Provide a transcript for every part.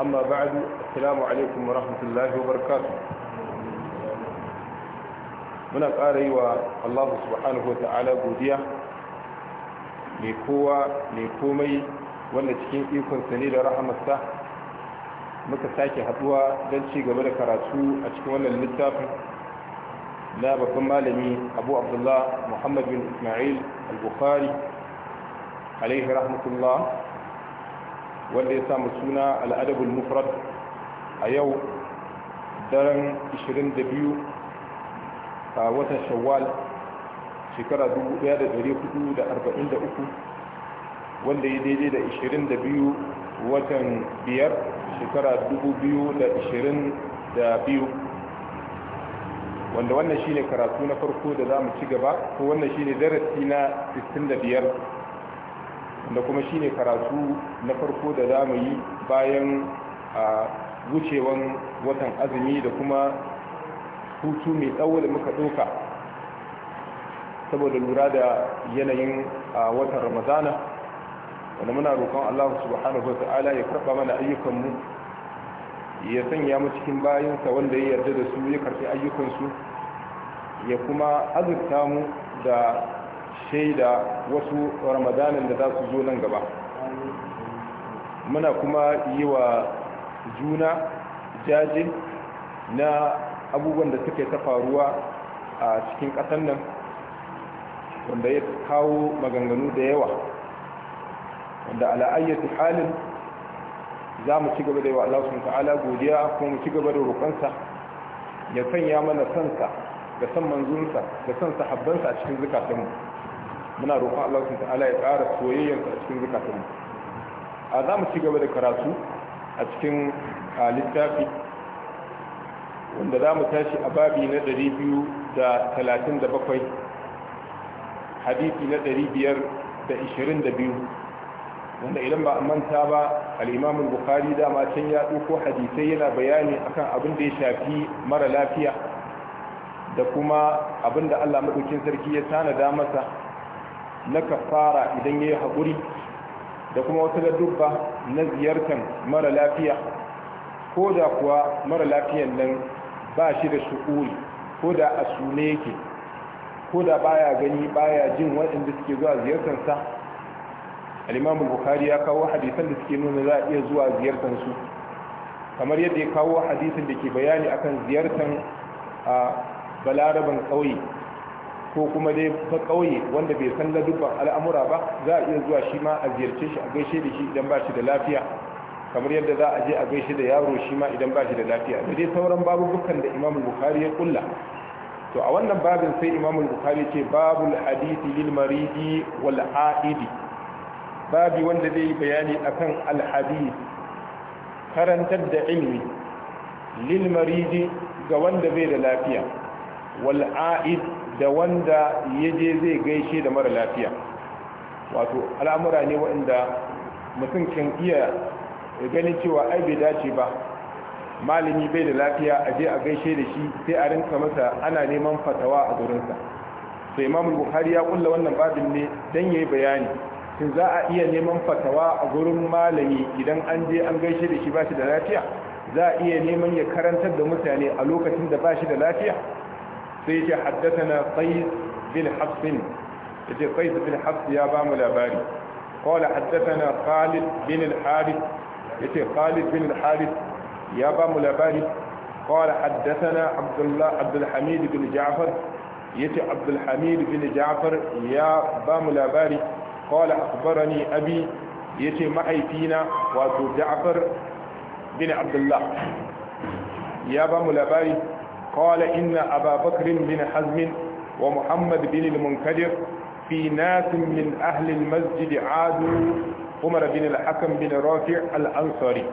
أما بعد السلام عليكم ورحمة الله وبركاته muna ƙara yi wa allahu subhanahu wa ta'ala godiya mai kowa mai komai wanda cikin ikonsa ne da rahamarsa muka sake haɗuwa don ci gaba da karatu a cikin wannan littafin na babban malami abu abdullah muhammad bin ismail al-bukhari alaihi wanda ya samu suna al'adabul mufrad a yau daren 22 a watan shawwal shekara 1443 wanda ya daidai da 22 watan biyar shekara 2022 wanda wannan shine karatu na farko da za mu ci gaba ko wannan shine darasi na 65 da kuma shi ne karatu na farko da za yi bayan a wucewan watan azumi da kuma hutu mai tsawo da muka ɗauka saboda lura da yanayin a watan ramadana wanda muna roƙon allah subhanahu wa ta'ala ya karɓa mana ayyukanmu ya sanya mu cikin bayansa wanda ya yarda da su ya karɓi ayyukansu ya kuma azurta mu da shaida wasu ramadanin da za su zo nan gaba muna kuma yi wa juna jaje na abubuwan da suke ta faruwa a cikin ƙasan nan wanda ya kawo maganganu da yawa wanda ala'ayyatu halin za mu ci gaba da yawa. wa ta'ala godiya kuma mu ci gaba da roƙonsa ya sanya mana sansa da san manzunsa da san sahabbansa a cikin zukatanmu muna roƙon Allah su ta'ala ya ƙara soyayyarsa a cikin zukatanmu a za mu ci gaba da karatu a cikin littafi wanda za mu tashi a babi na 237 hadisi na 522 wanda idan ba a manta ba alimamin bukari dama can ya ɗauko hadisai yana bayani akan abin da ya shafi mara lafiya da kuma abinda Allah madaukin sarki ya tanada masa na kafara idan yayi hakuri da kuma wata dubba na ziyartar mara lafiya ko da kuwa mara lafiyan nan ba shi da shukuri ko da a sune yake ko da baya gani baya jin waɗanda suke zuwa ziyartarsa al-imam bukhari ya kawo hadisan da suke nuna za a iya zuwa ziyartar su kamar yadda ya kawo hadisin da ke bayani akan ziyartar a balaraban ƙauye ko kuma dai ba ƙauye wanda bai san ladubban al'amura ba za a iya zuwa shi ma a ziyarce shi a gaishe da shi idan ba shi da lafiya kamar yadda za a je a gaishe da yaro shi ma idan ba shi da lafiya da dai sauran babubukan da imam bukhari ya kulla to a wannan babin sai imam bukhari ce babul hadithi lil maridi wal aidi babi wanda zai yi bayani akan al hadith karantar da ilmi lil maridi ga wanda bai da lafiya wal'a'id da wanda ya je zai gaishe da mara lafiya wato al'amura ne waɗanda mutum kan iya ganin cewa ai bai dace ba malami bai da lafiya a je a gaishe da shi sai a rinka masa ana neman fatawa a gurinsa sai imam bukhari ya kulla wannan babin ne dan yayi bayani shin za a iya neman fatawa a gurin malami idan an je an gaishe da shi ba shi da lafiya za a iya neman ya karantar da mutane a lokacin da ba shi da lafiya sai yake haddathana qais bin hafs yace qais bin hafs ya ba mu labari qala na khalid bin al-harith yace khalid bin al-harith ya ba mu labari قال حدثنا عبد الله عبد الحميد بن جعفر يتي عبد الحميد بن جعفر يا بام لاباري قال أخبرني أبي يتي معي فينا واتو جعفر بن عبد الله يا بام لاباري قال إن أبا بكر بن حزم ومحمد بن المنكدر في ناس من أهل المسجد عادوا عمر بن الحكم بن رافع الأنصاري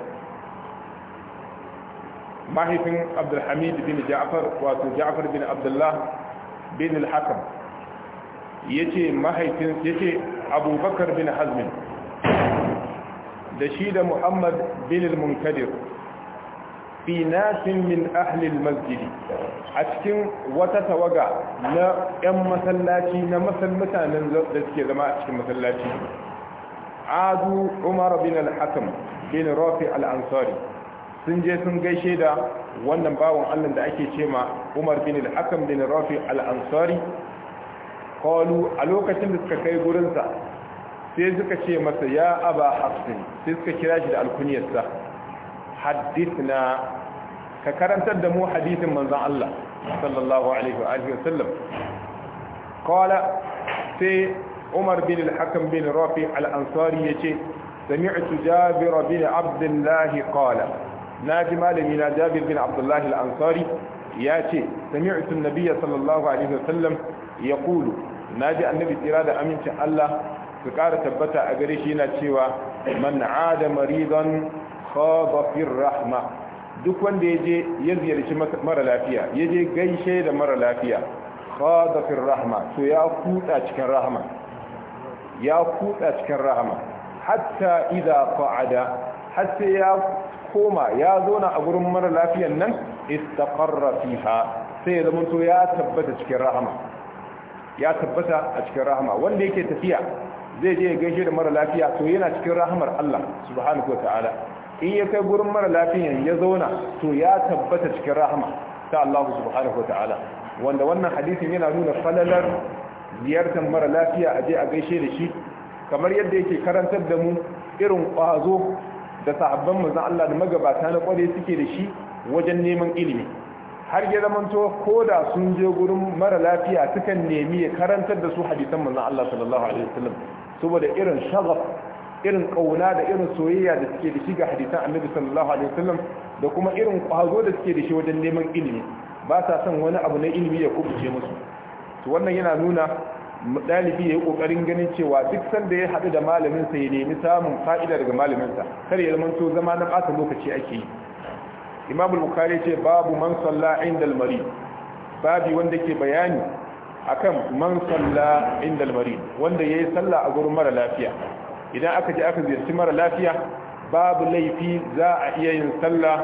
mahaifin abdulhamid bin ja'far wato ja'far bin abdullah bin al-hakam yace mahaifin yace abubakar bin hazmin da shi da muhammad bin al fi nasin min ahlil masjidi a cikin wata tawaga na 'yan masallaci na mutanen da suke zama a cikin masallaci azu umar bin al-hakam bin rafi al-ansari sun je sun gaishe da wannan bawon allah da ake cema umar bin al-hakam bin rafi al-ansari kalu a lokacin da suka kai gurinsa sai suka ce masa ya aba hafsin sai suka kira shi da alkuniyarsa. haddithna ka karantar da mu hadisin manzan Allah sallallahu alaihi wa sallam wasallam sai Umar bin al-Hakam bin Rafi al-Ansari yace sami'tu Jabir bin Abdullah qala naji malami na Jabir bin Abdullahi al-Ansari ce sami'tu an-nabiy sallallahu alaihi wa sallam ya wasallam yaqulu naji annabi tsira da amincin Allah su ƙara tabbata a gare shi na cewa man ada maridan khaba fir rahma duk wanda yaje ya ziyarci mara lafiya yaje gaishe da mara lafiya khaba fir rahma to ya kuda cikin rahma ya kuda cikin rahma hatta idza qa'ada hatta ya koma ya zauna a gurin mara lafiyan nan istaqarra fiha sai ya zama to ya tabbata cikin rahama ya tabbata a cikin rahama wanda yake tafiya zai je ya gaishe da mara lafiya to yana cikin rahamar Allah subhanahu ta'ala. in ya kai gurin mara lafiyan ya zauna to ya tabbata cikin rahama ta Allah subhanahu wa ta'ala wanda wannan hadisin yana nuna falalar ziyartar mara lafiya a je a gaishe da shi kamar yadda yake karantar da mu irin ƙwazo da sahabban mu zan Allah da magabata na kware suke da shi wajen neman ilimi har ya zamanto ko da sun je gurin mara lafiya sukan nemi ya karantar da su hadisan manzon Allah sallallahu alaihi wasallam saboda irin shagaf irin kauna da irin soyayya da suke da shi ga hadisan annabi sallallahu alaihi wasallam da kuma irin kwazo da suke da shi wajen neman ilimi ba sa son wani abu na ilimi ya kubuce musu to wannan yana nuna dalibi ya yi kokarin ganin cewa duk sanda ya haɗu da malamin sa ya nemi samun fa'ida daga malamin sa kar ya zamanto zama na ɓata lokaci ake yi imam bukhari ce babu man salla inda al-mari babi wanda ke bayani akan man salla inda al-mari wanda yayi salla a gurin mara lafiya idan aka je aka ziyarci mara lafiya babu laifi za a iya yin sallah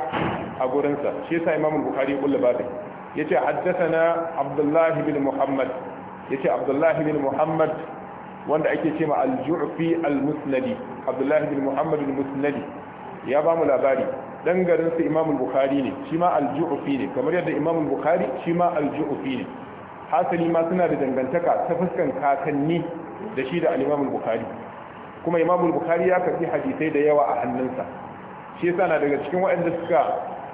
a gurinsa shi yasa imam bukhari ya kulla babu yace na abdullahi bin muhammad yace abdullahi bin muhammad wanda ake cewa al-ju'fi al-musnadi abdullahi bin muhammad al-musnadi ya ba mu labari dan garin su imam bukhari ne shi ma al-ju'fi ne kamar yadda imam bukhari shi ma al-ju'fi ne hasali ma suna da dangantaka ta fuskan kakanni da shi da al-imam bukhari kuma imam bukhari ya karbi hadisai da yawa a hannunsa shi yasa na daga cikin waɗanda suka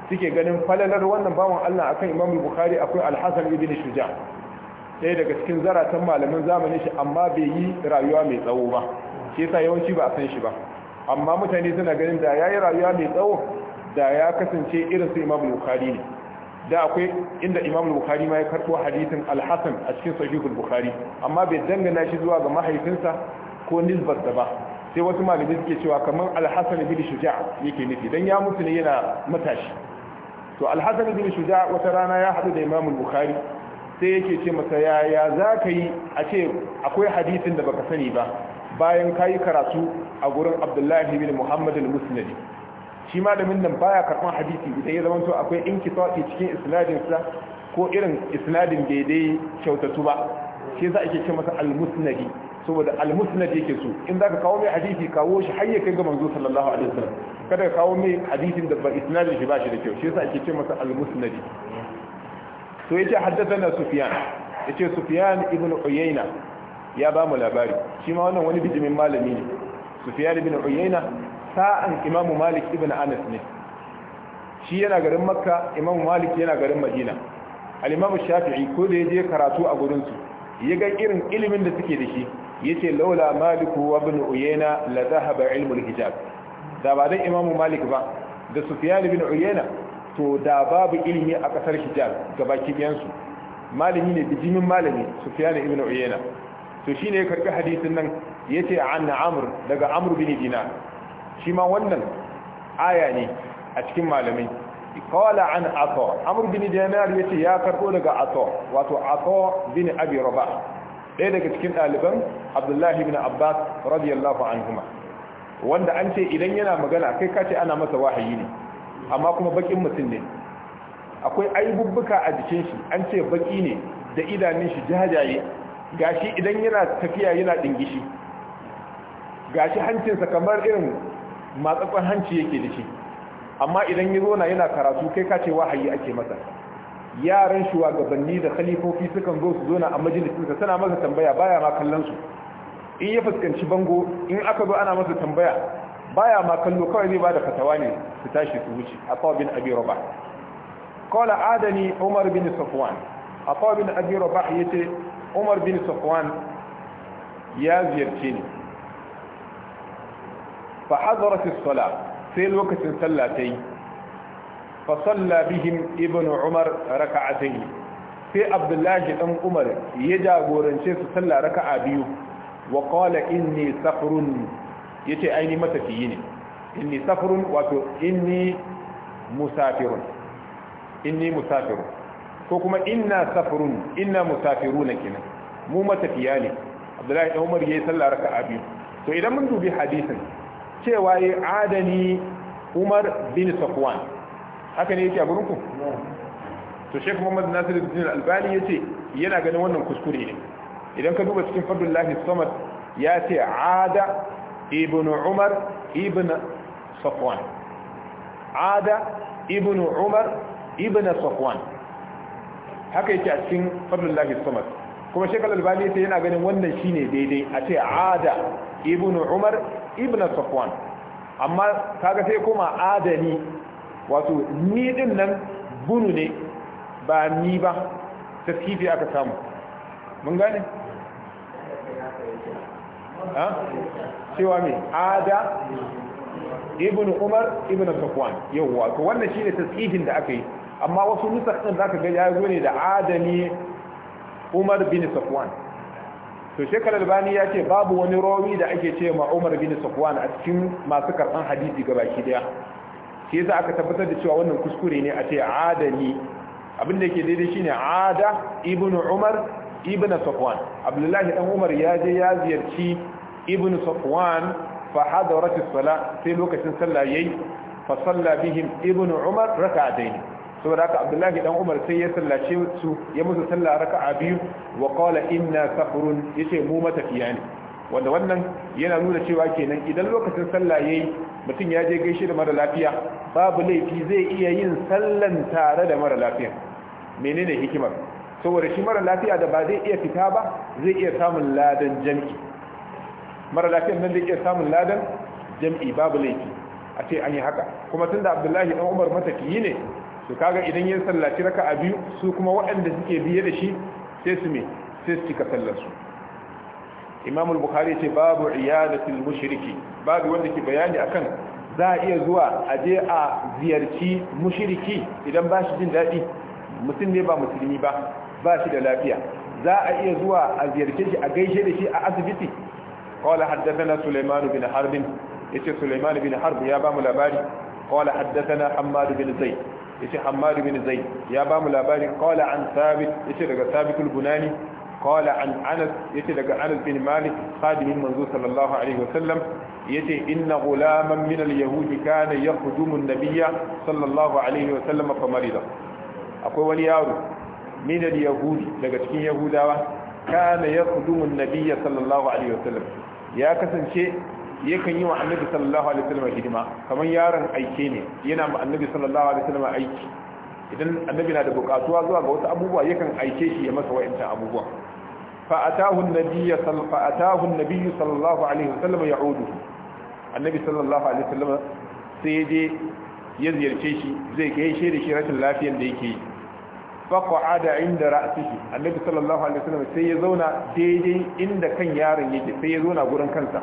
suke ganin falalar wannan bawan Allah akan imam bukhari akwai Alhassan ibn shuja ɗaya daga cikin zaratan malamin zamanin shi amma bai yi rayuwa mai tsawo ba shi yasa yawanci ba a san shi ba amma mutane suna ganin da ya yi rayuwa mai tsawo da ya kasance irin su imam bukhari ne da akwai inda imam bukhari ma ya karɓo hadisin Alhassan a cikin sahihul bukhari amma bai dangana shi zuwa ga mahaifinsa ko nisbar da ba sai wasu malamai suke cewa kamar alhassan bin shuja yake nufi dan ya mutu ne yana matashi to alhassan bin shuja wata rana ya haɗu da imam bukhari sai yake ce masa yaya za ka yi a ce akwai hadisin da baka sani ba bayan ka karatu a gurin abdullahi bin muhammad al musnadi shi malamin nan baya karban hadisi idan ya zama to akwai tsawaki cikin isnadinsa ko irin isnadin daidai kyautatu ba shi za a ke ce masa al-musnadi saboda al-musnad yake so in zaka kawo mai hadisi kawo shi har kai ga manzo sallallahu alaihi wasallam kada ka kawo mai hadisin da ba isnad shi ba shi da kyau shi yasa ake ce masa al-musnad to yace haddathana sufyan yace sufyan ibn uyayna ya ba mu labari shi ma wannan wani bijimin malami ne sufyan ibn uyayna sa'an imam malik ibn anas ne shi yana garin makka imam malik yana garin madina al-imam shafi'i ko da yaje karatu a gurin su ya ga irin ilimin da suke da shi yace laula maliku wa ibn uyayna la dhahaba ilmu al-hijab da ba dan imamu malik ba da sufyan ibn uyayna to da babu ilimi a kasar hijab gabaki ɗayan su malami ne bijimin malami sufyan ibn uyayna to shine ya karbi hadisin nan yace an amr daga amr bin dinar shi ma wannan aya ne a cikin malamai kawala an ato amur bin dinar ya ce ya karbo daga ato wato ato bin abi rabah ɗaya daga cikin ɗaliban abdullahi bin abbas radiyallahu anhuma wanda an ce idan yana magana kai ka ce ana masa wahayi ne amma kuma bakin mutum ne akwai aibubbuka a jikin shi an ce baki ne da idanun shi jajaye gashi idan yana tafiya yana dingishi gashi hancinsa kamar irin matsakon hanci yake da shi amma idan ya zona yana karatu kai ka ce wahayi ake masa yaran shugabanni da khalifofi sukan zo su zona a majalisinsa sa sana masa tambaya baya ma kallon su in ya fuskanci bango in aka zo ana masa tambaya baya ma kallo kawai zai bada fatawa ne su tashi su wuce a bin abi rabah qala adani umar bin safwan a bin abi rabah yace umar bin safwan ya ziyarce ni fa hadarat as-salah sai lokacin sallah ta yi fa salla bihim ibnu umar raka'atayn sai abdullahi dan umar ya jagorance su salla raka'a biyu wa qala inni safrun yace aini matafiyi ne inni safrun wato inni musafirun ko kuma inna safrun inna musafiruna kenan mu matafiya ne abdullahi dan umar yayi sallah raka'a biyu to idan mun dubi hadisin cewa ya adani umar bin safwan haka ne yake a gurinku to shek muhammad nasir al albani yace ce yana ganin wannan kuskure ne idan ka duba cikin fardun lahi samad ya ce ada ibn umar ibn safwan ada ibn umar ibn safwan haka yake a cikin fardun lahi samad kuma shek albani yace ce yana ganin wannan shine daidai a ce ada ibn umar ibn safwan amma kaga sai kuma adani wato ni din nan bunu ne ba ni ba tasfifi aka samu mun gane ha cewa me ada ibn umar ibn safwan yawa to wannan shine tasqifin da aka yi amma wasu nusakh zaka ga ya zo ne da adani umar bin safwan to shekar albani ya ce babu wani rawi da ake ce ma umar bin safwan a cikin masu karban hadisi gabaki daya shi yasa aka tabbatar da cewa wannan kuskure ne a ce adani abin da yake daidai shine ada ibnu umar ibnu safwan abdullahi dan umar ya je ya ziyarci ibnu safwan fa hadarat as sala sai lokacin sallah yayi fa salla bihim ibnu umar rak'atayn saboda haka abdullahi dan umar sai ya sallace su ya musu sallah raka'a biyu wa qala inna safrun yace mu matafiya ne wanda wannan yana nuna cewa kenan idan lokacin sallah yayi mutum ya je gaishe da mara lafiya babu laifi zai iya yin sallan tare da mara lafiya menene hikimar saboda shi mara lafiya da ba zai iya fita ba zai iya samun ladan jam'i mara lafiyar nan zai iya samun ladan jam'i babu laifi a ce an yi haka kuma tunda abdullahi dan umar matafiyi ne su kaga idan yin sallaci a biyu su kuma waɗanda suke biye da shi sai su me sai su cika sallar su imam al-bukhari ce babu al mushriki babu wanda ke bayani akan za a iya zuwa a je a ziyarci mushriki idan ba shi jin daɗi mutum ne ba musulmi ba ba shi da lafiya za a iya zuwa a ziyarce shi a gaishe da shi a asibiti qala haddathana sulaiman bin harb yace sulaiman bin harb ya ba mu labari qala haddathana hammad bin zaid yace hammad bin zaid ya ba mu labari qala an thabit yace daga thabit al-bunani قال عن أنس يتي لك أنس بن مالك خادم منذ صلى الله عليه وسلم يتي إن غلاما من اليهود كان يخدم النبي صلى الله عليه وسلم فمرض أقول وليار من اليهود لك تكين يهودا كان يخدم النبي صلى الله عليه وسلم يا كسن yakan yi wa annabi sallallahu alaihi wasallam hidima kamar yaron aike ne yana ma annabi sallallahu alaihi wasallam aiki idan annabi na da bukatuwa zuwa ga wasu abubuwa yakan aike shi ya masa wa'ancan abubuwa فأتاه النبي صل... فأتاه النبي صلى الله عليه وسلم يعوده النبي صلى الله عليه وسلم سيدي يزير شيشي زي كي شيري شيرة اللافية ديكي فقعد عند رأسه النبي صلى الله عليه وسلم سيزونا ديدي عند كان يارن يجي سيزونا قرن كنسا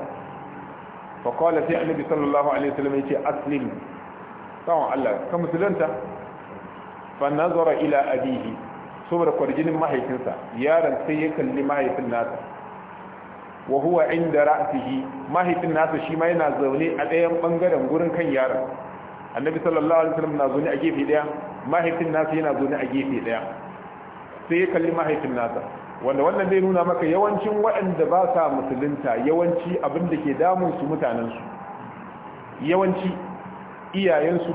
فقال سي النبي صلى الله عليه وسلم يجي أسلم طبعا الله كمسلنت فنظر إلى أبيه saboda kwarjinin mahaifinsa yaron sai ya kalli mahaifin nasa wa huwa inda ra'sihi mahaifin nasa shi ma yana zaune a ɗayan bangaren gurin kan yaron annabi sallallahu alaihi wasallam na zaune a gefe ɗaya mahaifin nasa yana zaune a gefe ɗaya sai ya kalli mahaifin nasa wanda wannan zai nuna maka yawancin waɗanda ba sa musulunta yawanci abin da ke damun su mutanensu yawanci iyayensu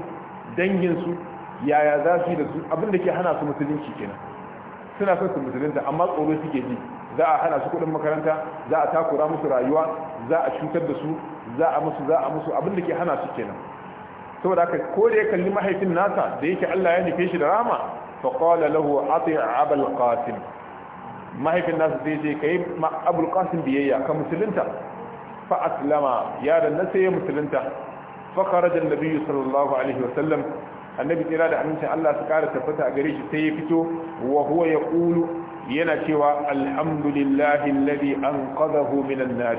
danginsu yaya za su yi da su abin da ke hana su musulunci kenan suna son su musulunta amma tsoro suke ji za a hana su kuɗin makaranta za a takura musu rayuwa za a cutar da su za a musu za a musu abin da ke hana su kenan saboda haka ko da ya kalli mahaifin nasa da yake Allah ya nufe shi da rama fa qala lahu ati abul qasim mahaifin nasa sai ce kai ma abul qasim biyayya ka musulunta fa aslama yaron nan sai ya musulunta fa kharaja annabi sallallahu alaihi wasallam annabi tsira da amincin Allah su kara tabbata a gare shi sai ya fito wa huwa yaqulu yana cewa alhamdulillahi alladhi anqadhahu minan nar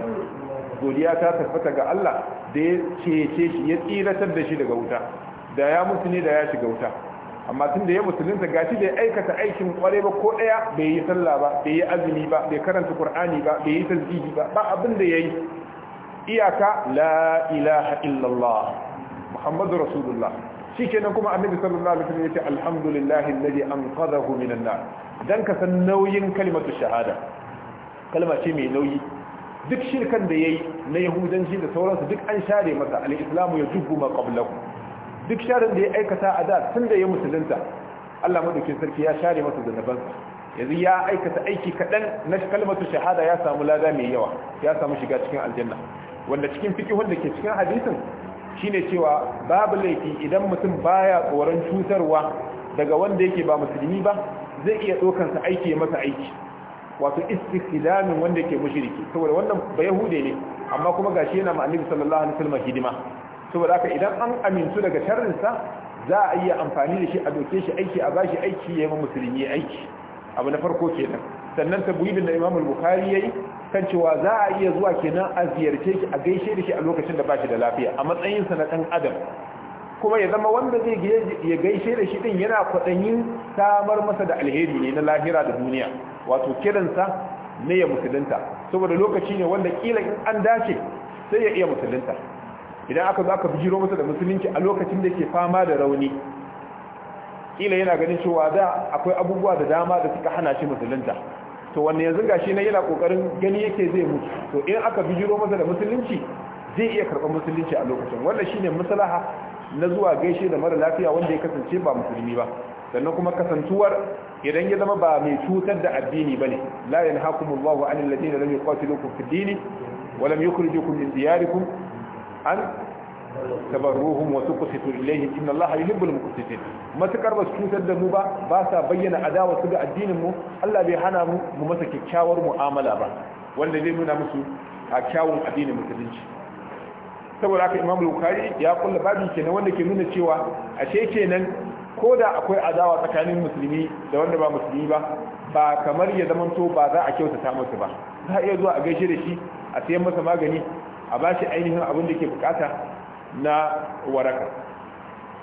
godiya ta tabbata ga Allah da ya cece shi ya tsiratar da shi daga wuta da ya mutu ne da ya shiga wuta amma tun da ya musulunta gashi bai aikata aikin kware ba ko daya bai yi sallah ba bai yi azumi ba bai karanta qur'ani ba bai yi tasbihi ba ba abin da yayi iyaka la ilaha illallah muhammadu rasulullah shikenan kuma annabi sallallahu alaihi wasallam yace alhamdulillahi alladhi anqadhahu minan nar dan ka san nauyin kalmatu shahada kalma ce mai nauyi duk shirkan da yayi na yahudanci da sauransu duk an share masa al-islamu yajubu ma qablahu duk sharin da ya aikata a da tun da ya musulunta Allah madaukin sarki ya share masa zanabansa yanzu ya aikata aiki kaɗan na kalmatu shahada ya samu lada mai yawa ya samu shiga cikin aljanna wanda cikin fikihun da ke cikin hadisin shine cewa babu laifi idan mutum baya tsoron cutarwa daga wanda yake ba musulmi ba zai iya ɗaukan sa aiki masa aiki wato istiqlamin wanda yake mushriki saboda wannan ba yahude ne amma kuma gashi yana ma annabi sallallahu alaihi wasallam hidima saboda haka idan an amintu daga sharrin sa za a iya amfani da shi a doke shi aiki a bashi aiki ya yi musulmi aiki abu na farko kenan sannan tabuyibin da imamul bukhari yayi kan cewa za a iya zuwa kenan a ziyarce shi a gaishe da shi a lokacin da ba shi da lafiya a matsayin sa na dan adam kuma ya zama wanda zai ya gaishe da shi din yana kwaɗayin samar masa da alheri ne na lahira da duniya wato kiran sa ne ya musulunta saboda lokaci ne wanda kila in an dace sai ya iya musulunta idan aka zo aka bijiro masa da musulunci a lokacin da ke fama da rauni kila yana ganin cewa da akwai abubuwa da dama da suka hana shi musulunta to wanne yanzu gashi na yana kokarin gani yake zai mutu to in aka bijiro masa da musulunci zai iya karɓar musulunci a lokacin wannan shine maslaha na zuwa gaishe da mara lafiya wanda ya kasance ba musulmi ba sannan kuma kasantuwar idan ya zama ba mai cutar da addini bane la yanhaqumullahu an ladina lam yuqatilukum fid din wa lam yukhrijukum min diyarikum an tabarruhum wa tuqsitu ilayhim inna allaha yuhibbul muqsitin matakar ba su cutar da mu ba ba sa bayyana adawa su ga addinin mu Allah bai hana mu mu masa kyakkyawar mu'amala ba wanda zai nuna musu a kyawun addinin musulunci saboda haka Imam Bukhari ya kulla babu kenan wanda ke nuna cewa ashe kenan ko da akwai adawa tsakanin musulmi da wanda ba musulmi ba ba kamar ya zamanto ba za a kyautata masa ba za a iya zuwa a gaishe da shi a sayan masa magani a bashi ainihin abin da ke bukata na waraka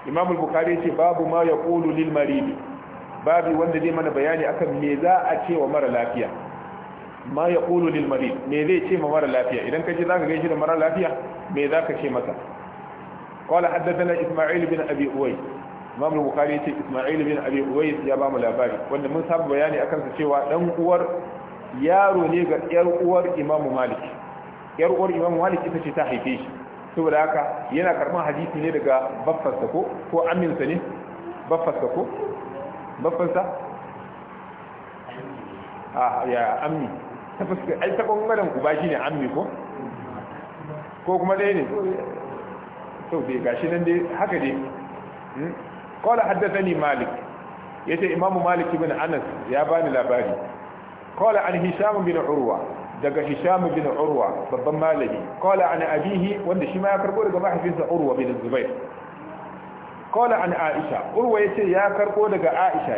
imam al-bukhari ce babu ma yaqulu lil marid babu wanda zai mana bayani akan me za a ce wa mara lafiya ma yaqulu lil marid me zai ce ma mara lafiya idan ka ji zaka gaishe da mara lafiya me zaka ce masa qala haddathana isma'il bin abi uwais imam al-bukhari ce isma'il bin abi uwais ya ba mu labari wanda mun samu bayani akan sa cewa dan uwar yaro ne ga yar uwar imam malik yar uwar imam malik ita ce ta haife shi saboda haka yana karman hadisi ne daga baffansa ko ko aminsa ne baffansa ko baffansa a ah, ya ammi ta fuska ai ta bangaren ku ba shi ne ammi ko ko kuma dai ne to dai gashi nan dai haka dai hmm? qala حدثني malik yace imamu مالك بن anas ya bani labari qala عن hisam bin urwa daga hisham bin urwa babban malami qala an abihi wanda shi ma ya karbo daga mahaifinsa urwa bin zubair qala an aisha urwa yace ya karbo daga aisha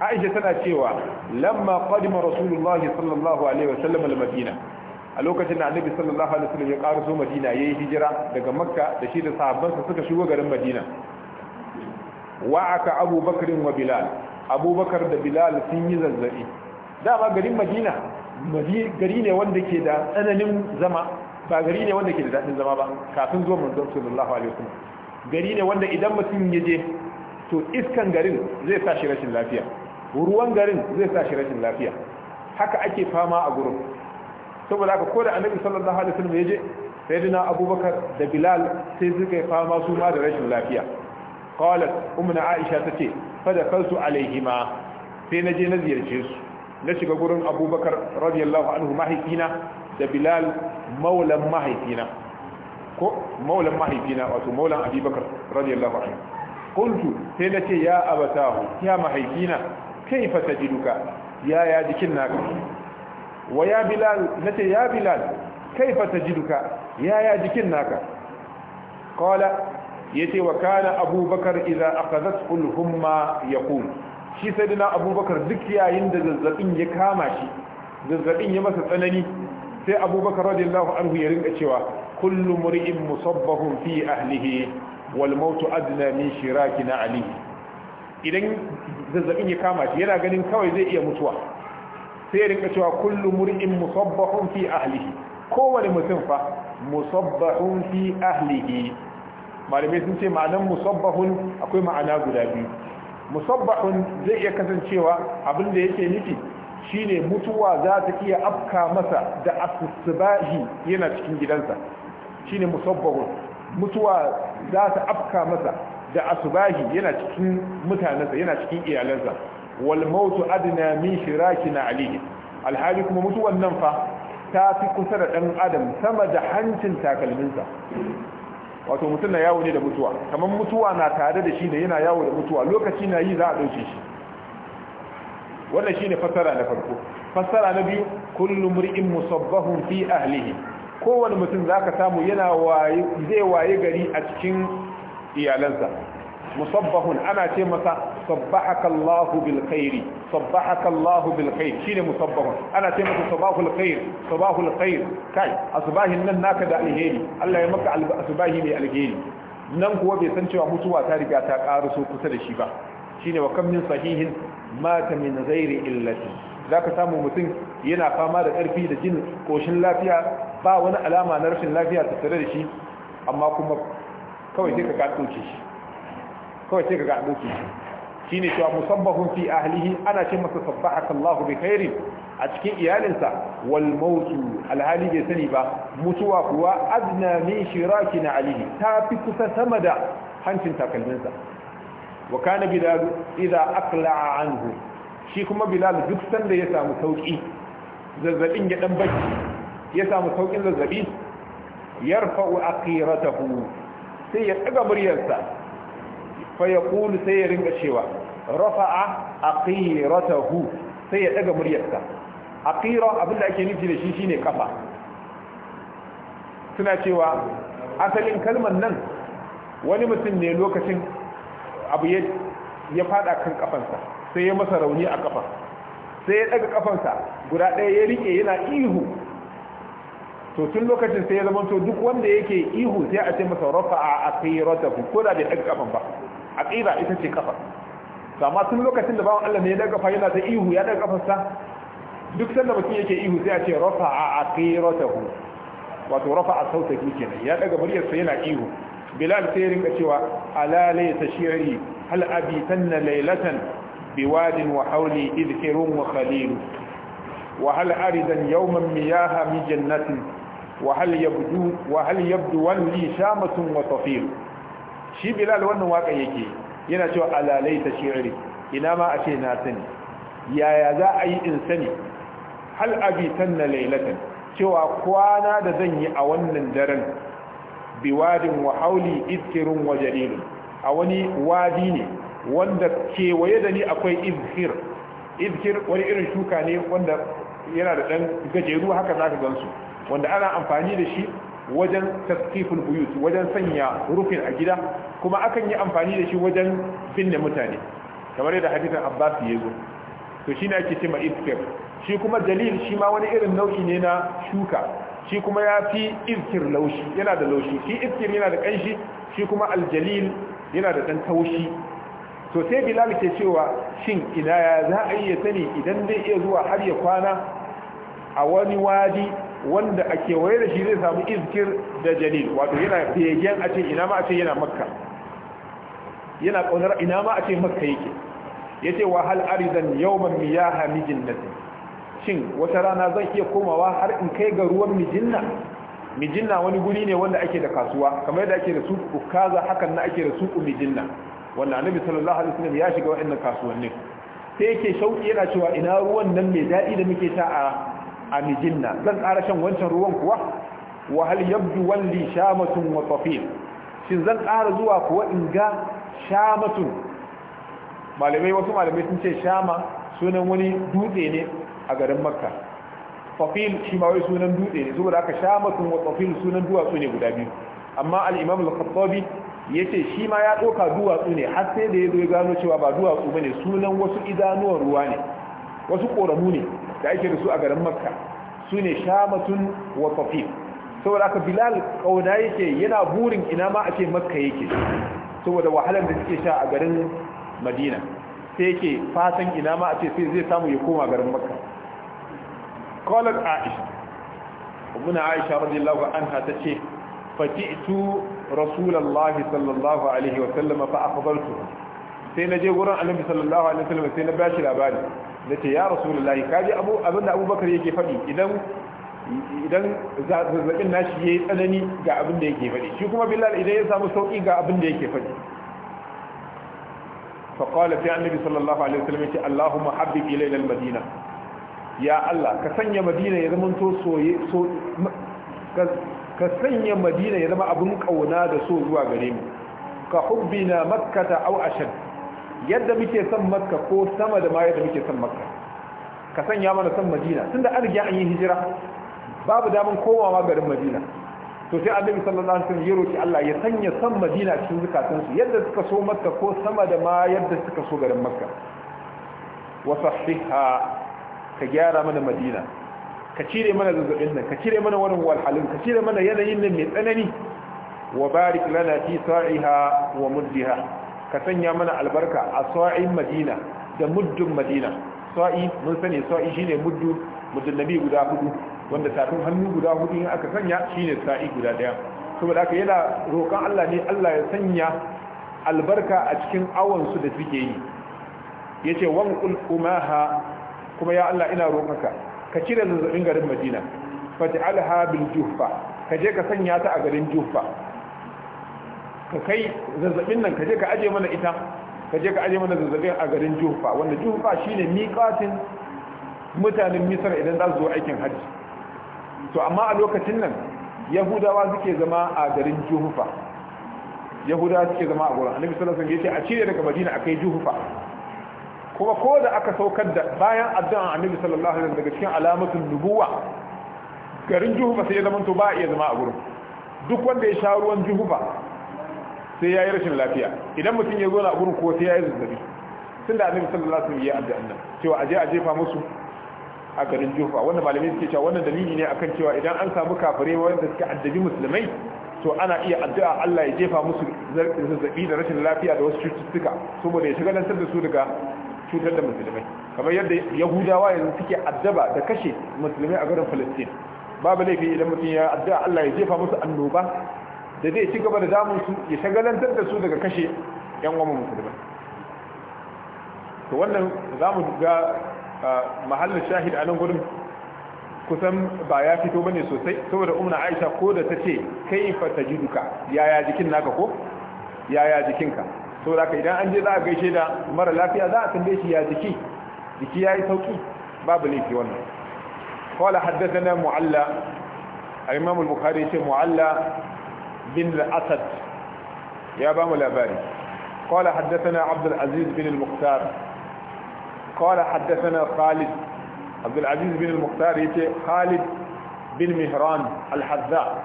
aisha tana cewa lamma qadima rasulullahi sallallahu alaihi wasallam al-madina a lokacin da annabi sallallahu alaihi wasallam ya karaso madina yayi hijira daga makka da shi da sahabbansa suka shigo garin madina wa aka abubakar wa bilal abubakar da bilal sun yi zazzabi dama garin madina gari ne wanda ke da tsananin zama ba gari ne wanda ke da daɗin zama ba kafin zuwa manzon sallallahu alaihi wasallam gari ne wanda idan mutum ya je to iskan garin zai sa shi rashin lafiya ruwan garin zai sa shi rashin lafiya haka ake fama a gurin saboda haka ko da annabi sallallahu alaihi wasallam ya je sayyidina abubakar da bilal sai suka yi fama su ma da rashin lafiya qalat ummu aisha tace fa da kaltu alaihima sai na je na ziyarce su na shiga gurin abubakar radiyallahu anhu mahaifina da bilal maulan mahaifina ko maulan mahaifina wato maulan abubakar radiyallahu anhu kuntu sai na ce ya abatahu ya mahaifina kai fa tajiduka ya ya jikin naka wa ya bilal na ce ya bilal kai fa tajiduka ya ya jikin naka ya yace wa kana abubakar idza akhadhat al humma yaqul shi sai dina abubakar duk yayin da zazzabin ya kama shi zazzabin ya masa tsanani sai abubakar radiyallahu anhu ya rinka cewa kullu mur'in musabbahun fi ahlihi wal mautu adna min shirakina ali idan zazzabin ya kama shi yana ganin kawai zai iya mutuwa sai ya rinka cewa kullu mur'in musabbahun fi ahlihi kowane mutum fa musabbahun fi ahlihi malamai sun ce ma'anan musabbahun akwai ma'ana guda biyu musabbahun zai iya kasancewa abin da yake nufi shine mutuwa za ta iya afka masa da asusubahi yana cikin gidansa shine musabbahun mutuwa za ta afka masa da asubahi yana cikin mutanensa yana cikin iyalansa wal mautu adna min shirakina alayhi alhali kuma mutuwan nan fa ta fi kusa da dan adam sama da hancin takalminsa wato mutum na yawo ne da mutuwa kamar mutuwa na tare da shi ne yana yawo da mutuwa lokaci na yi za a ɗauke shi wannan shine fassara na farko fassara na biyu kullu mur'in musabbahun fi ahlihi kowane mutum zaka samu yana waye zai waye gari a cikin iyalansa musabbahun ana ce masa sabbahaka Allahu bil khairi sabbahaka Allahu shine musabbahun ana ce masa sabahul khair sabahul kai asbahin nan naka da alheri Allah ya maka asbahi mai alheri nan kuwa bai san cewa mutuwa ta riga ta karu so kusa da shi ba shine wa kam min sahihin mata min ghairi illati zaka samu mutum yana fama da karfi da jin koshin lafiya ba wani alama na rashin lafiya tattare da shi amma kuma kawai sai ka ka shi kawai sai ga aboki shi ne cewa musabbahun fi ahlihi ana ce masa sabbahaka Allahu bi khairin a cikin iyalinsa wal mautu alhali bai sani ba mutuwa kuwa adna min shirakin alihi ta fi kusa sama da hancin takalminsa wa kana bilal idza aqla'a anhu shi kuma bilal duk sanda ya samu sauki zazzabin ya dan baki ya samu saukin zazzabi yarfa'u aqiratahu sai ya daga muryarsa fa yaqulu sai ya ringa cewa rafa'a hu sai ya ɗaga muryarsa aqira abinda ake nufi da shi shine kafa suna cewa asalin kalmar nan wani mutum ne lokacin abu ya fada kan kafansa sai ya masa rauni a kafa sai ya daga kafansa guda ɗaya ya rike yana ihu to tun lokacin sai ya zama to duk wanda yake ihu sai a ce masa rafa'a hu, ko da bai daga kafan ba aqida ita ce kafa to amma tun lokacin da bawan Allah ne ya daga kafa yana da ihu ya daga kafarsa duk sanda mutum yake ihu sai a ce rafa'a aqiratahu wato rafa'a sautaki kenan ya daga muryarsa yana ihu bilal sai rinka cewa ala laysa shi'ri hal abitanna laylatan biwadin wa hawli idhkirun wa khalil wa hal aridan yawman miyaha min jannatin wa hal yabdu wa hal yabdu wan shi bilal wannan waka yake yana cewa ta shi'ri ina ma a ce na sani yaya za a yi in sani hal abi sanna lailatan cewa kwana da zan yi a wannan daren biwadin wa hauli izkirun wa jalilun a wani wadi ne wanda kewaye da ni akwai izkir izkir wani irin shuka ne wanda yana da ɗan gajeru haka zaka gansu wanda ana amfani da shi wajen tasqiful buyut wajen sanya rufin a gida kuma akan yi amfani da shi wajen binne mutane kamar yadda hadisin Abbas ya zo to shine ake cewa iskir shi kuma dalil shi ma wani irin nau'i ne na shuka shi kuma ya fi iskir laushi yana da laushi shi iskir yana da kanshi shi kuma aljalil yana da dan taushi to sai bilal ke cewa shin ina ya za a iya sani idan zai iya zuwa har ya kwana a wani wadi wanda a kewaye da shi zai samu izkir da jalil wato yana begen a ce ina ma a ce yana makka yana ƙaunar ina ma a ce makka yake ya ce wa hal arizan yawman miyaha mijinnatin shin wata rana zan iya komawa har in kai ga ruwan mijinna mijinna wani guri ne wanda ake da kasuwa kamar yadda ake da suku kaza hakan na ake da ku mijinna wanda annabi sallallahu alaihi wasallam ya shiga wa'annan kasuwannin sai yake shauki yana cewa ina ruwan nan mai daɗi da muke sha a amijinna zan ƙara shan wancan ruwan kuwa wa hal yabdu walli shamatun wa tafil shin zan ƙara zuwa kuwa in ga shamatun malamai wasu malamai sun ce shama sunan wani dutse ne a garin makka tafil shi ma wai sunan dutse ne saboda aka shamatun wa tafil sunan duwatsu ne guda biyu amma al-imam al-khattabi yace shi ma ya doka duwatsu ne har sai da ya zo ya gano cewa ba duwatsu bane sunan wasu idanuwan ruwa ne wasu koramu ne da ake da su a garin makka su ne shamatun wa tafif saboda aka bilal kauna yake yana burin ina ma ake makka yake saboda wahalar da suke sha a garin madina sai yake fatan ina ma ake sai zai samu ya koma garin makka qalat aisha umma aisha radiyallahu anha tace fati'tu rasulullahi sallallahu alaihi wa sallam fa akhbartuhu sai na je gurin annabi sallallahu alaihi wasallam sai na bashi labari nace ya rasulullahi kaji abu abinda abubakar yake faɗi idan idan zazzabin nashi yayi tsanani ga abin da yake faɗi shi kuma bilal idan ya samu sauƙi ga abin da yake faɗi fa sai fi annabi sallallahu alaihi wasallam yace allahumma habbib ilayna almadina ya allah ka sanya madina ya zama to soye so ka sanya madina ya zama abin kauna da so zuwa gare mu ka hubbina makkata au ashad yadda muke son makka ko sama da ma yadda muke son makka ka sanya mana san madina tunda an riga an yi hijira babu damin komawa garin madina to sai annabi sallallahu alaihi wasallam ya roki Allah ya sanya san madina cikin zakatun su yadda suka so makka ko sama da ma yadda suka so garin makka wa sahhiha ka gyara mana madina ka cire mana zazzabin nan ka cire mana wannan walhalin ka cire mana yanayin nan mai tsanani wa barik lana fi sa'iha wa muddiha ka sanya mana albarka a sa'in madina da muddin madina sa'i mun sani sa'i shine muddu muddin nabi guda hudu wanda tafin hannu guda hudu in aka sanya shine sa'i guda daya saboda haka yana roƙon Allah ne Allah ya sanya albarka a cikin awon su da suke yi yace wan qul kumaha kuma ya Allah ina roƙonka ka cire zazzabin garin Madina ta'alha bil juhfa ka je ka sanya ta a garin juhfa ka kai zazzabin nan ka je ka aje mana ita ka je ka aje mana zazzabin a garin jufa wanda jufa shine miƙatin mutanen misar idan za su zo aikin hajji to amma a lokacin nan yahudawa suke zama a garin jufa yahudawa suke zama a gurin annabi sallallahu alaihi wasallam ce a cire daga madina akai jufa kuma ko da aka saukar da bayan addu'a annabi sallallahu alaihi wasallam daga cikin alamatu nubuwa garin juhufa sai ya zama to ba iya zama a gurin duk wanda ya sha ruwan juhufa sai ya yi rashin lafiya idan mutum ya zo na gurin ko sai ya yi zazzabi tun da annabi sallallahu alaihi wasallam ya adda annabi cewa aje a jefa musu a garin jufa wanda malamai suke cewa wannan dalili ne akan cewa idan an samu kafare wanda suke addabi musulmai to ana iya addu'a Allah ya jefa musu zazzabi da rashin lafiya da wasu cututtuka saboda ya shagalantar da su daga cutar da musulmai kamar yadda yahudawa yanzu suke addaba da kashe musulmai a garin palestine babu laifi idan mutum ya addu'a Allah ya jefa musu annoba da zai ci gaba da damun su ya shagalantar da su daga kashe yan uwan musulman to wannan za mu ga mahallin shahid a nan gurin kusan ba ya fito bane sosai saboda umma Aisha ko da ta ce kai tace kaifa tajiduka yaya jikin naka ko yaya jikinka saboda ka idan an je za a gaishe da mara lafiya za a tambaye shi ya jiki jiki yayi sauki babu laifi wannan qala haddathana mu'alla al-imam al-bukhari ce mu'alla بن الأسد يا بام الأباري قال حدثنا عبد العزيز بن المختار قال حدثنا خالد عبد العزيز بن المختار يتي خالد بن مهران الحذاء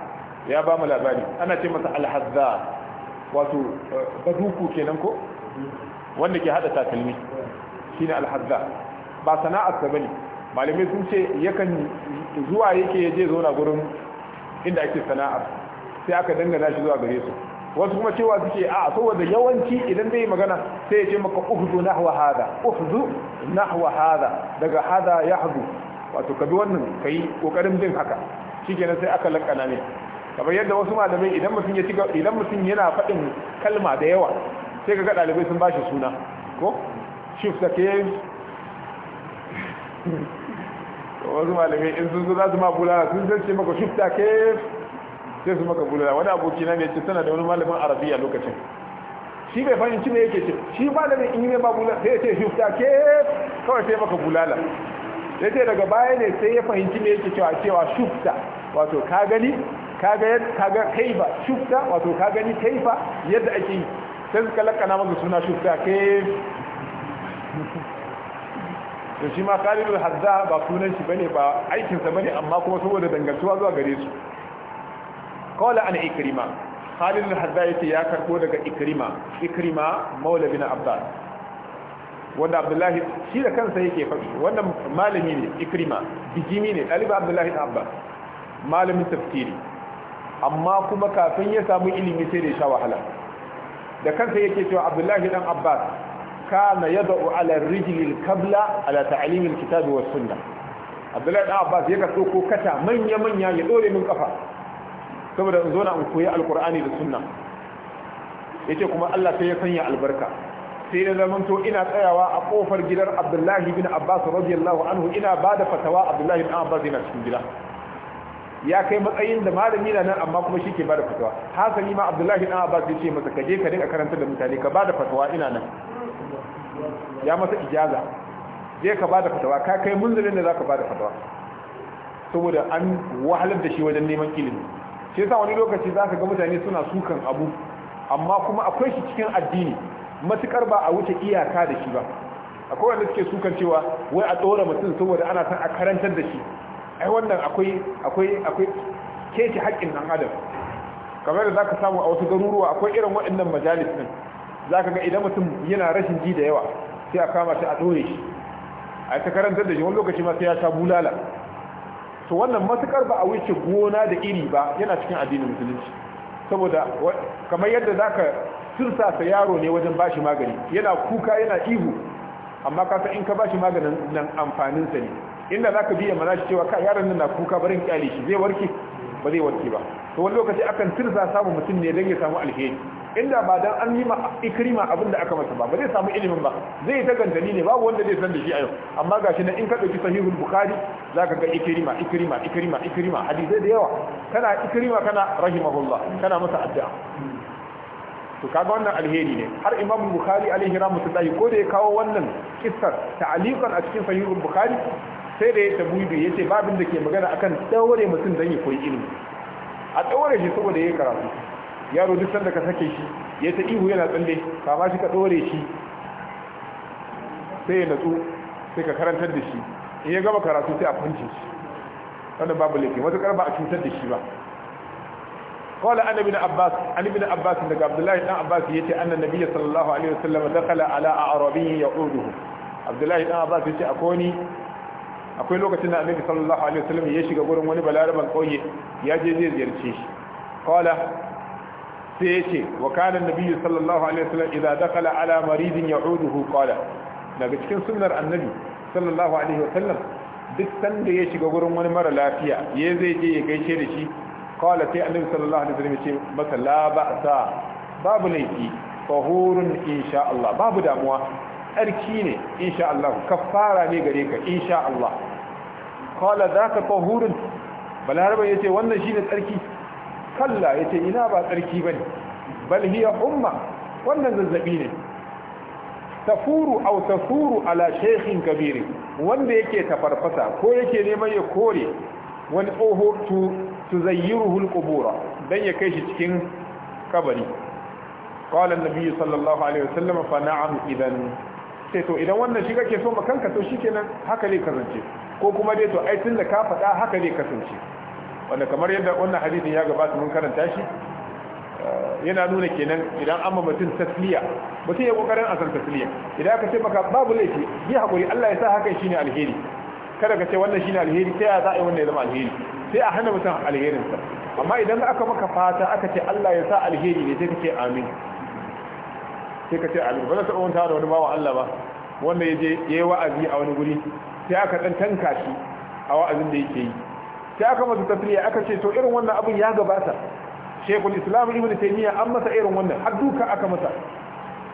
يا بام الأباري أنا تمت الحذاء واتو بدوكو كينانكو wanda ke hada takalmi shine alhazza ba sana'arsa bane malamai sun ce yakan zuwa yake ya je zauna gurin inda ake sana'ar sai aka dangana shi zuwa gare su wasu kuma cewa suke a saboda yawanci idan zai magana sai ya ce maka uhzu nahwa hada uhzu nahwa hada daga hada yahzu wato ka bi wannan kai kokarin bin haka shikenan sai aka lankana ne kamar yadda wasu malamai idan mutum ya ci idan mutum yana faɗin kalma da yawa sai ka ga ɗalibai sun bashi suna ko shif da ke wasu malamai in sun zo za su ma bulala sun zance maka shif da ke sai su maka bulala wani abokin na mai ce tana da wani malamin arabiya lokacin shi bai fahimci me yake ce shi malamin in ne ba bulala sai ya ce shi ta ke kawai sai maka bulala ya ce daga baya ne sai ya fahimci me yake cewa cewa shufta wato ka gani ka ga ka ga shufta wato ka gani kaifa yadda ake yi sai suka lakana maka suna shufta ke to shi ma kalilul hadda ba sunan shi bane ba aikinsa bane amma kuma saboda dangantuwa zuwa gare su qala ana ikrima Khalid al-Hadda yace ya karbo daga ikrima ikrima maula Abbas wanda Abdullahi shi da kansa yake faɗi wannan malami ne ikrima bijimi ne ɗaliba Abdullahi ibn Abbas malamin tafsiri amma kuma kafin ya samu ilimi sai da sha wahala da kansa yake cewa Abdullahi dan Abbas kana yadda ala rijlil kabla ala ta'lim al-kitab was Abdullahi dan Abbas ya ka ko kata manya manya ya dore min kafa saboda in zo na in koyi alkur'ani da sunna yace kuma Allah sai ya sanya albarka sai na zamanto ina tsayawa a kofar gidan Abdullahi bin Abbas radiyallahu anhu ina bada fatawa Abdullahi bin Abbas yana cikin gida ya kai matsayin da malami na nan amma kuma shi ke bada fatawa hasali ma Abdullahi bin Abbas ya ce masa ka je ka dinga karanta da mutane ka bada fatawa ina nan ya masa ijaza je ka bada fatawa ka kai munzalin da zaka bada fatawa saboda an wahalar da shi wajen neman ilimi shi yasa wani lokaci za ka ga mutane suna sukan abu amma kuma akwai shi cikin addini matukar ba a wuce iyaka da shi ba akwai wanda suke sukan cewa wai a tsora mutum saboda ana san a karantar da shi ai wannan akwai akwai akwai keci haƙƙin ɗan adam kamar da za ka samu a wasu garuruwa akwai irin waɗannan majalis ɗin za ka ga idan mutum yana rashin ji da yawa sai a kama shi a tsore shi a ta karantar da shi wani lokaci ma sai ya sha bulala to wannan matukar ba a wuce gona da iri ba yana cikin addinin musulunci saboda kamar yadda zaka tursasa yaro ne wajen bashi magani yana kuka yana ihu amma ka san in ka bashi maganin nan amfanin sa ne inda zaka biya mana cewa ka yaron nan na kuka barin kyale shi zai warke ba zai warke ba to wani lokaci akan tirsa samu mutum ne dan ya samu alheri inda ba dan an yi ma ikrima abin da aka masa ba ba zai samu ilimin ba zai ta gandani ne babu wanda zai san da shi a yau amma gashi nan in ka dauki sahihul bukhari zaka ga ikrima ikrima ikrima ikrima hadisi da yawa kana ikrima kana rahimahullah kana masa addu'a to kaga wannan alheri ne har imam bukhari alaihi rahmatullahi ko da ya kawo wannan kissar ta'aliqan a cikin sahihul bukhari sai da ya tabuidu ya ce babin da ke magana akan daure mutum don yi koyi ilimi a daure shi saboda ya yi karatu yaro duk sanda ka sake shi ya ta ihu yana tsalle kama shi ka daure shi sai ya natsu sai ka karantar da shi in ya gama karatu sai a kwanci shi wannan babu laifi matuƙar ba a cutar da shi ba قال انا ابن عباس انا ابن عباس ان عبد الله بن عباس يتي ان النبي صلى الله عليه وسلم دخل على اعرابي يعوده عبد الله بن عباس يتي اكوني akwai lokacin da annabi sallallahu alaihi wasallam ya shiga gurin wani balaraban kauye ya je zai ziyarce shi qala sai yace wa kana annabi sallallahu alaihi wasallam idza dakala ala maridin ya'uduhu qala daga cikin sunnar annabi sallallahu alaihi wasallam duk sanda ya shiga gurin wani mara lafiya ya zai je ya gaishe da shi qala sai annabi sallallahu alaihi wasallam ya ce masa la ba'sa babu laifi fahurun insha Allah babu damuwa tsarki ne insha Allah kafara ne gare ka insha Allah qala zaka tahurun balaraba yace wannan shine tsarki kalla yace ina ba tsarki bane bal hiya umma wannan zazzabi ne tafuru aw tafuru ala shaykhin kabir wanda yake tafarfasa ko yake neman ya kore wani tsoho tu tuzayyiruhu alqubura dan ya kai shi cikin kabari qala an-nabi sallallahu alaihi wasallam fa na'am idan sai to idan wannan shi kake so ma kanka to shikenan haka ne kasance ko kuma dai to ai tun da ka faɗa haka ne kasance wanda kamar yadda wannan hadisin ya gabata mun karanta shi eh, yana nuna kenan idan amma mutum tasliya mutum ya kokarin a san tasliya idan aka ce maka babu laifi yi hakuri Allah ya sa hakan ne alheri kada ka ce wannan shi ne alheri sai ya za a yi wannan ya zama alheri sai a hana mutum alherinsa amma idan aka maka fata aka ce Allah ya sa alheri ne sai ka ce amin sai ka ce amin ba za ta manta da wani bawan Allah ba wanda ya je ya yi wa'azi a wani guri sai aka dan tanka shi a wa'azin da yake yi sai aka masa tafiya aka ce to irin wannan abin ya gabata shekul islam ibn taymiya an masa irin wannan har duka aka masa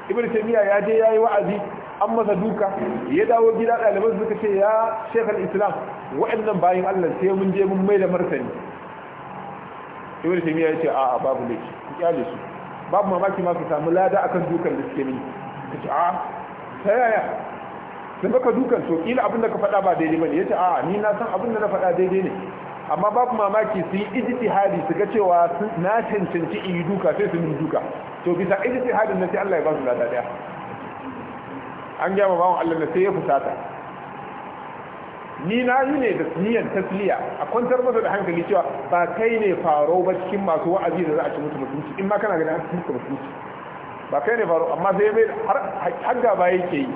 ibn taymiya ya je yayi wa'azi an masa duka ya dawo gida ɗaliban suka ce ya shekul islam wa'annan bayin Allah sai mun je mun mai da martani ibn taymiya ya ce a'a babu laifi ya kyale su babu mamaki ma su samu lada akan dukan da suke mini ka ce a ah, ta yaya sun baka dukan to kila abin da ka faɗa ba daidai bane ce a ah, ni na san abin da na faɗa daidai ne amma babu mamaki su yi ijtihadi su ga cewa na cancanci in yi duka sai su yi duka to bisa ijtihadin na sai Allah ya ba su lada daya an gyama bawon Allah na sai ya fusata ni na yi ne da niyan tasliya a kwantar masa da hankali cewa ba kai ne faro ba cikin masu wa'azi da za a ci mutu mutunci in ma kana ganin an mutu mutunci ba kai ne faro amma sai mai har ba yake yi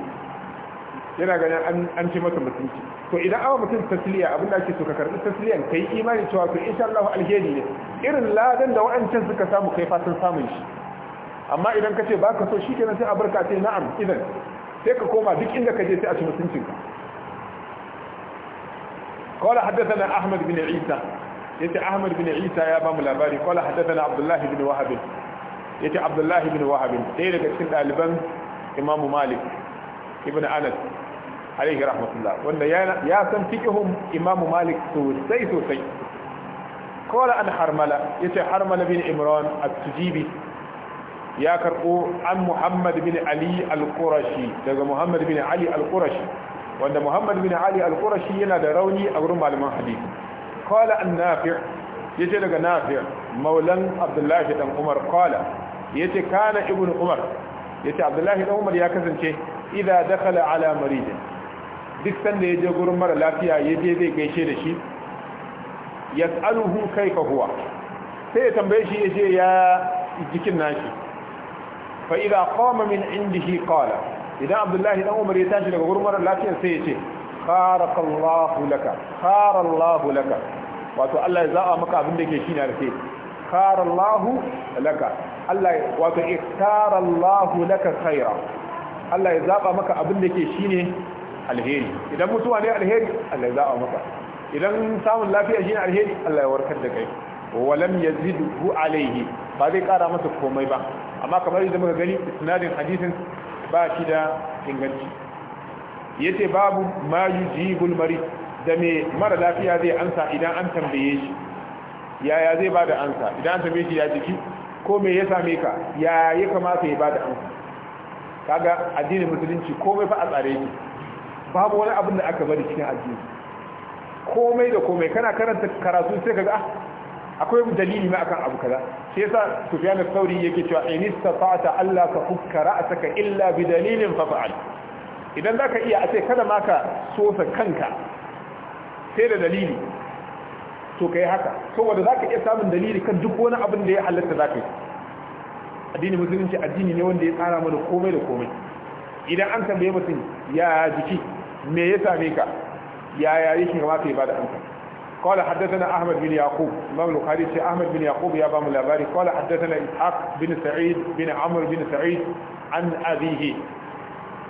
yana ganin an ci masa mutunci to idan awa mutum tasliya abin da ake so ka karbi tasliyan kai imani cewa to insha Allah alheri ne irin ladan da wa'ancan suka samu kai fatan samun shi amma idan ka ce ba ka so shi kenan sai a barka sai na'am idan sai ka koma duk inda ka je sai a ci mutuncinka قال حدثنا أحمد بن عيسى يتي أحمد بن عيسى يا بام الأباري قال حدثنا عبد الله بن وهب يتي عبد الله بن وهب تيرك كنت ألبان إمام مالك ابن أنس alaihi rahmatullah wanda ya san fiqhum imam malik sosai sosai kola an harmala yace harmala bin imran at-tujibi ya karbo an muhammad bin ali al daga muhammad bin ali wanda muhammad bin ali al-qurashi yana da rauni a wurin malaman hadisi qala an-nafi' yace daga nafi' maulan abdullahi dan umar qala yace kana ibn umar yace abdullahi dan umar ya kasance idza dakhala ala marid duk sanda yaje gurin mara lafiya yaje zai gaishe da shi yas'aluhu ka huwa sai ya tambaye shi yace ya jikin nashi fa idza qama min indihi qala idan abdullahi dan umar ya tashi daga gurin lafiyar sai ya ce kharakallahu laka kharallahu laka wato Allah ya za'a maka abin da yake shi na rake kharallahu laka Allah wato iktarallahu laka khaira Allah ya zaba maka abin da yake ne alheri idan mutuwa ne alheri Allah ya zaba maka idan samun lafiya ne alheri Allah ya warkar da kai walam yazidhu alaihi ba zai kara masa komai ba amma kamar yadda muka gani isnadin hadisin ba shi da inganci yace babu ma yujibul mari da me mara lafiya zai ansa idan an tambaye shi yaya zai bada ansa idan an tambaye shi ya jiki ko me ya same ka ya ya kamata ya bada ansa kaga addinin musulunci komai fa a tsare yake babu wani abin da aka bari cikin addini komai da komai kana karanta karatu sai kaga ah akwai dalili ma akan abu kaza shi yasa Sufyan al-Thawri yake cewa in istata'ta Allah ka fukka ra'saka illa bi dalilin fa fa'al idan zaka iya a ce kada ma ka sosa kanka sai da dalili to kai haka saboda zaka iya samun dalili kan duk wani abin da ya halatta zaka yi addini musulunci addini ne wanda ya tsara mana komai da komai idan an tambaye mutum ya jiki me ya same ka ya yaya yake kamata ya bada amsa قال حدثنا أحمد بن يعقوب إمام البخاري أحمد بن يعقوب يا بام الأباري قال حدثنا إسحاق بن سعيد بن عمرو بن سعيد عن أبيه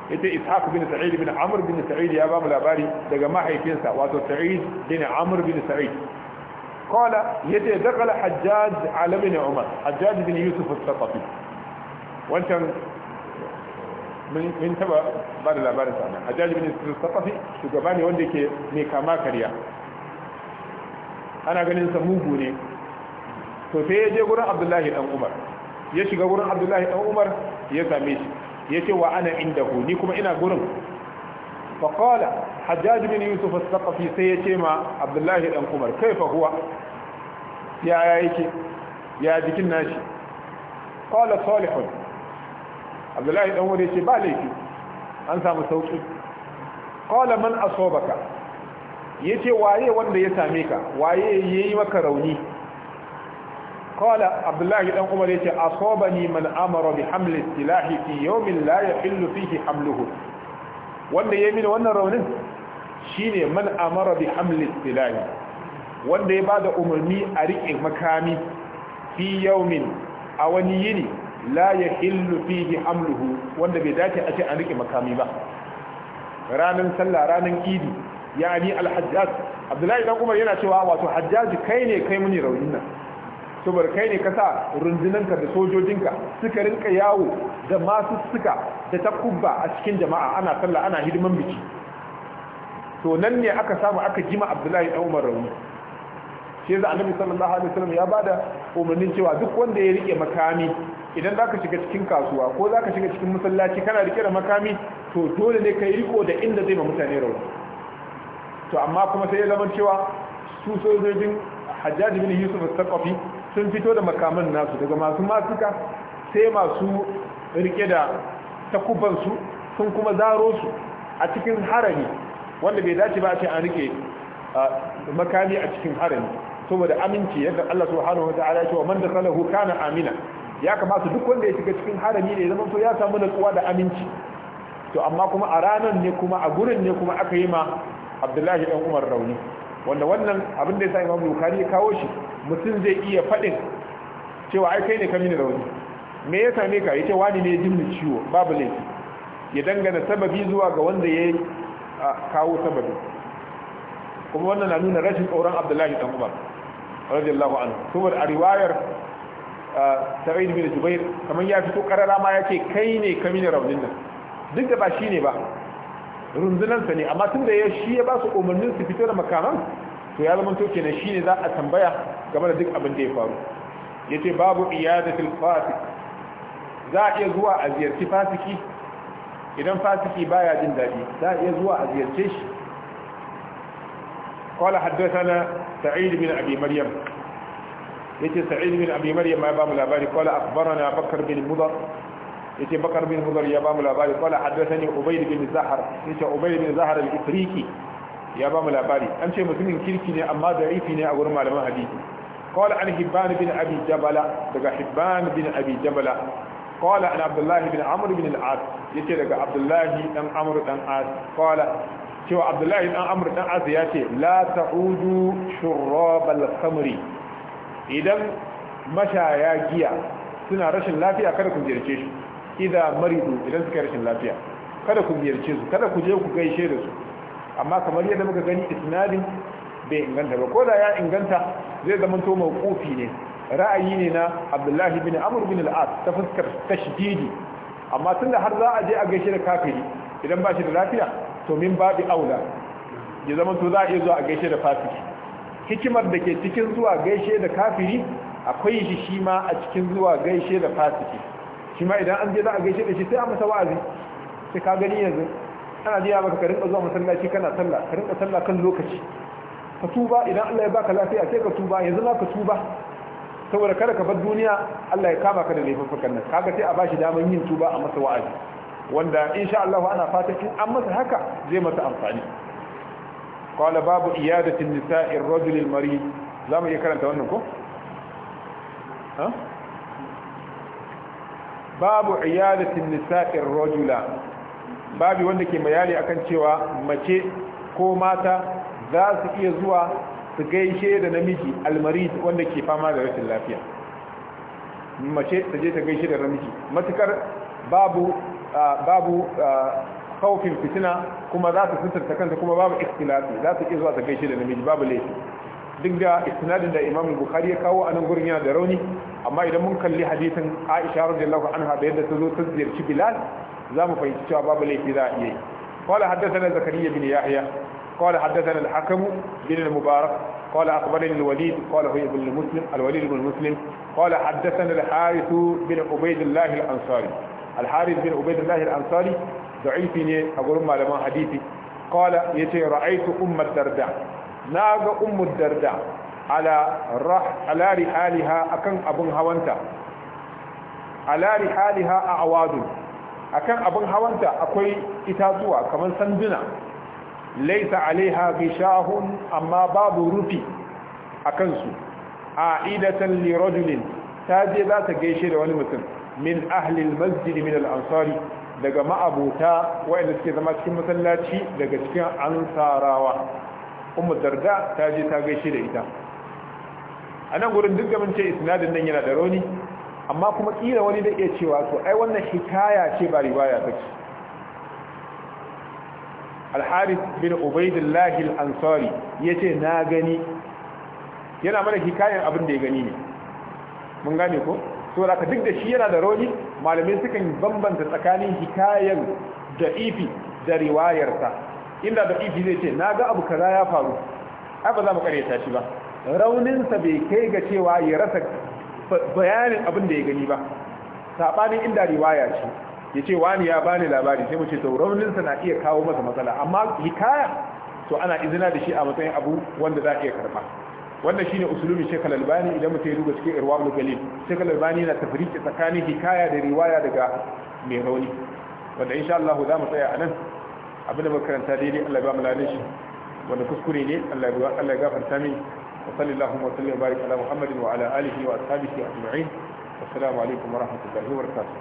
ita ishaq bin sa'id bin amr bin sa'id ya ba labari daga mahaifinsa wato sa'id bin amr bin sa'id qala yace dakala hajjaj ala bin umar hajjaj bin yusuf as-saqafi wancan min ba da labarin sa hajjaj bin yusuf as-saqafi shugaba ne wanda yake ne kama kariya ana ganin sa mugu ne to sai ya je gurin abdullahi dan umar ya shiga gurin abdullahi dan umar ya same shi ya ce wa ana inda ku ni kuma ina gurin fa qala hajjaj bin yusuf as-saqafi sai ya ce ma abdullahi dan umar kaifa huwa ya ya yake ya jikin nashi qala salihun abdullahi dan umar ya ce ba laifi an samu sauki qala man asabaka ya ce waye wanda ya same ka waye ya yi maka rauni kawala abdullahi dan umar ya ce a asobani man amara bi hamlin silahi fi yawmin la yahillu fihi hamluhu wanda ya yi mini wannan raunin shi shine man amara bi hamli silahi wanda ya bada umarni a riƙe makami fi yawmin a wani yini la yahillu fihi hamluhu wanda bai dace a ce a riƙe makami ba ranan sallah ranan idi yani al-hajjaj abdullahi dan umar yana cewa wato hajjaji kai ne kai muni raunin nan bar kai ne kasa ka da sojojinka suka rinka yawo da masu suka da takubba a cikin jama'a ana sallah ana hidiman biki to nan ne aka samu aka jima abdullahi dan umar rauni shi yasa annabi sallallahu alaihi wasallam ya bada umarnin cewa duk wanda ya rike makami idan zaka shiga cikin kasuwa ko zaka shiga cikin masallaci kana rike da makami to dole ne kai riko da inda zai ma mutane rauni to amma kuma sai ya zama cewa su sojojin hajjaji bin yusuf al sun fito da makaman nasu daga masu masuka sai masu rike da su sun kuma zaro su a cikin harami wanda bai dace ba a ce an rike makami a cikin harami saboda aminci yadda Allah subhanahu wataala ya ce wa man dakhalahu kana amina ya kamata duk wanda ya shiga cikin harami ne zaman to ya samu natsuwa da aminci to amma kuma a ranar ne kuma a gurin ne kuma aka yi ma abdullahi dan umar rauni wanda wannan abin da ya sa imam bukari ya kawo shi mutum zai iya faɗin cewa ai kai ne ka mini rauni me ya same ka yace wani ne ya jimni ciwo babu laifi ya dangana sababi zuwa ga wanda ya kawo sababi kuma wannan na nuna rashin tsoron abdullahi dan umar radiyallahu anhu saboda a riwayar sa'id bin jubair kamar ya fito karara ma yace kai ne ka mini raunin nan duk da ba shine ba rundunansa ne amma tun da ya shi ya ba su umarnin su fito da makaman to ya zama na shi ne za a tambaya game da duk abin da ya faru ya ce babu iyadatul fasik za a iya zuwa a ziyarci fasiki idan fasiki baya jin daɗi za a iya zuwa a ziyarce shi haddasa na sa'id bin abi maryam ce sa'id bin abi maryam ma ba mu labari qala akhbarana bakr bin mudar yace bakar bin hudar ya bamu labari qala haddathani ubayd bin zahar yace ubayd bin zahar al-ifriqi ya bamu labari an ce mutumin kirki ne amma da'ifi ne a gurin malaman hadisi qala an hibban bin abi jabala daga hibban bin abi jabala qala an abdullah bin amr bin al-as yace daga abdullah dan amr dan as qala cewa abdullahi dan amur dan azu ya ce la ta'udu shurabal khamri idan mashaya giya suna rashin lafiya kada ku jirce shi idza maridu idan suka rashin lafiya kada ku ziyarce su kada ku je ku gaishe da su amma kamar yadda muka gani isnadin bai inganta ba ko da ya inganta zai zama to mawqufi ne ra'ayi ne na Abdullahi bin Amr bin al-As ta fuskar tashdidi amma tunda har za a je a gaishe da kafiri idan ba shi da lafiya to min babi aula ya zama to za a iya zuwa a gaishe da fasiki hikimar da ke cikin zuwa gaishe da kafiri akwai shi shi ma a cikin zuwa gaishe da fasiki shi ma idan an je za a gaishe da shi sai a masa wa'azi sai ka gani yanzu ana jiya maka ka rinka zuwa masallaci kana sallah ka rinka sallah kan lokaci ka tuba idan Allah ya baka lafiya sai ka tuba yanzu ma ka tuba saboda kada ka bar duniya Allah ya kama ka da laifin fakan nan kaga sai a bashi daman yin tuba a masa wa'azi wanda insha Allah ana fatan in an masa haka zai masa amfani qala babu iyadatin nisa'i ar-rajul al-marid zamu iya karanta wannan ko ha babu iyalatin nisa'ir rajula babu wanda ke mayali akan cewa mace ko mata za su iya zuwa su gaishe da namiji almarid wanda ke fama da rashin lafiya mace ta je ta gaishe da namiji matukar babu babu kaufin fitina kuma za ta suturta kanta kuma babu ikhtilafi za su iya zuwa ta gaishe da namiji babu laifi duk da isnadin da imam bukhari ya kawo a nan gurin yana da rauni amma idan mun kalli hadisin aisha radiyallahu anha da yadda ta zo ta ziyarci bilal za mu fahimci cewa babu laifi za a iya yi qala haddathana zakariya bin yahya qala haddathana al-hakim bin al-mubarak قال أخبرني الوليد قال هو ابن المسلم الوليد بن مسلم قال حدثنا الحارث بن عبيد الله الأنصاري الحارث بن عبيد الله الأنصاري ضعيف أقول ما لما حديثي قال يتي رأيت أم الدرداء na ga ummu darda ala rah ala rihaliha akan abun hawanta ala rihaliha a awadu akan abun hawanta akwai itatuwa kamar sanduna laisa alaiha gishahun amma babu rufi a kansu a idatan lirajulin ta je za ta gaishe da wani mutum min ahlil masjidi min ansari daga ma'abuta wa'inda suke zama cikin masallaci daga cikin ansarawa ummu darda ta je ta gaishe da ita a nan gurin duk gamin ce isnadin nan yana da rauni amma kuma kila wani da iya cewa to ai wannan hikaya ce ba riwaya ta ce al bin ubaidillah al-ansari yace na gani yana mana hikayen abin da ya gani ne mun gane ko to da duk da shi yana da rauni malamai sukan bambanta tsakanin hikayan da ifi da riwayarsa inda da ƙifi zai ce na ga abu kaza ya faru ai ba za mu karyata shi ba rauninsa bai kai ga cewa ya rasa bayanin abin da ya gani ba sabanin inda riwaya ce ya ce wani ya bani labari sai mu ce to rauninsa na iya kawo masa matsala amma hikaya to ana izina da shi a matsayin abu wanda za a iya karba wannan shine usulumin shekal albani idan mutum ya duba cikin irwaqul galil shekal albani na tafriki tsakanin hikaya da riwaya daga mai rauni wanda insha Allah za mu tsaya a nan abinda makaranta daidai Allah ya ba mu ladan shi wanda kuskure ne Allah ya Allah ya gafarta mini wa sallallahu wa sallam barik ala muhammadin wa ala alihi wa ashabihi ajma'in assalamu alaikum wa rahmatullahi wa barakatuh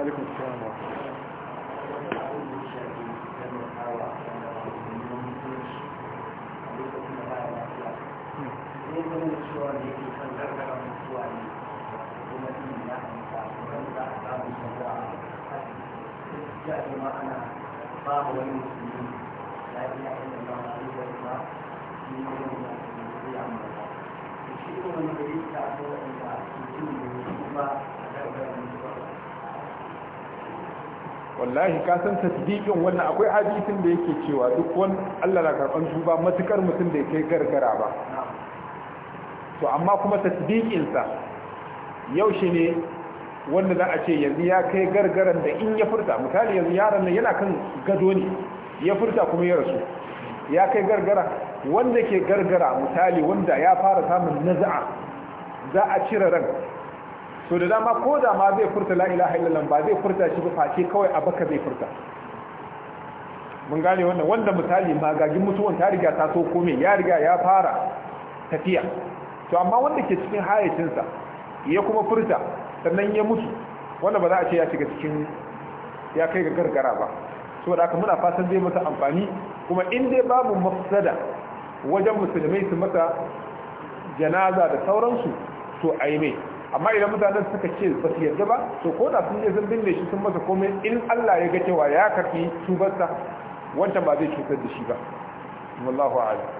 alaikum assalam wa Thank hmm. you. wallahi ka san tasdiqin wannan akwai hadisin da yake cewa duk wani Allah na karban duba matukar mutum da yake gargara ba to amma kuma tasdiqin sa yaushe ne wanda za a ce yanzu ya kai gargaran da in ya furta misali yanzu yaron nan yana kan gado ne ya furta kuma ya rasu ya kai gargara wanda ke gargara misali wanda ya fara samun naza'a za a cire ran so da dama ko da ma zai furta la ilaha illallah ba zai furta shi ba face kawai a baka zai furta mun gane wannan wanda misali magagin mutuwan ta riga ta so kome ya riga ya fara tafiya to amma wanda ke cikin hayacinsa ya kuma furta sannan ya mutu wanda ba za a ce ya shiga cikin ya kai ga gargara ba saboda aka muna fatan zai masa amfani kuma in dai babu mafsada wajen musulmai su masa janaza da sauransu to a yi mai amma idan mutanen suka ce ba su yarda ba to ko da sun je sun binne shi sun masa komai in Allah ya ga cewa ya karfi tubarsa wancan ba zai cutar da shi ba wallahu a'lam